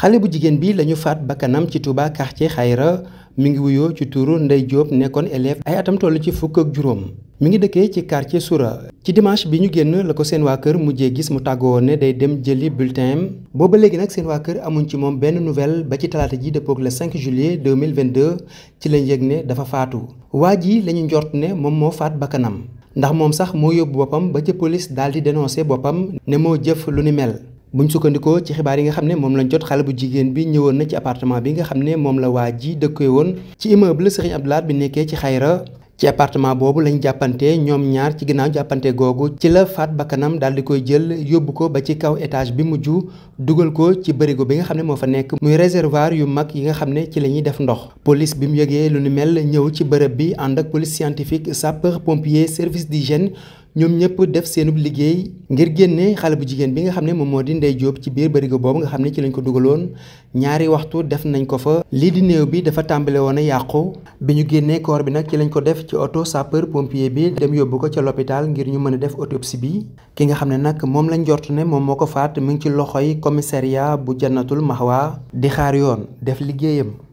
xale bu jigéen bi lañu faat bakkanam ci Touba quartier Xayra mu ngi wuyoo ci turu Ndey Diop nekkoon élève ay atam toll ci fukk ak juróom mu ngi dëkkee ci quartier Soura ci dimanche bi ñu génn la ko seen waa kër mujjee gis mu tàggoo ne day dem jëli bulletin am booba léegi nag seen waa kër amuñ ci moom benn nouvelle ba ci talaata ji dëppoog le 5 juillet 2022 ci lañ yëg ne dafa faatu waa ji lañu njort ne moom moo faat bakkanam ndax moom sax moo yóbbu boppam ba ca police daal di dénoncé boppam ne moo jëf lu ni buñ sukkandikoo ci xibaar yi nga xam ne moom lañ jot xale bu jigéen bi ñëwoon na ci appartement bi nga xam ne moom la waa ji dëkkee woon ci immeuble Serigne Abdou Lahad bi nekkee ci xayra ci appartement boobu lañ jàppante ñoom ñaar ci ginnaaw jàppante googu ci la faat bakkanam daal di koy jël yóbbu ko ba ci kaw étage bi mujj dugal ko ci bërigo bi nga xam ne moo fa nekk muy réservoir yu mag yi nga xam ne ci la ñuy def ndox police bi mu yëgee lu ni mel ñëw ci bërëb bi ànd ak police scientifique sapeur pompier service d'hygiène ñoom ñëpp def seenub liggéey ngir génne xale bu jigéen bi nga xam ne moom moo di Ndeye ci biir bërigo boobu nga xam ne ci lañ ko dugaloon ñaari waxtu def nañ ko fa lii di néew bi dafa tàmbale woon a yàqu bi ñu génnee koor bi nag ci lañ ko def ci oto sapeur pompier bi dem yóbbu ko ca l'hôpital ngir ñu mën a def autopsie bi ki nga xam ne nag moom lañ jort ne moom moo ko faat mu ngi ci loxoy commissariat bu jannatul mahwa di xaar yoon def liggéeyam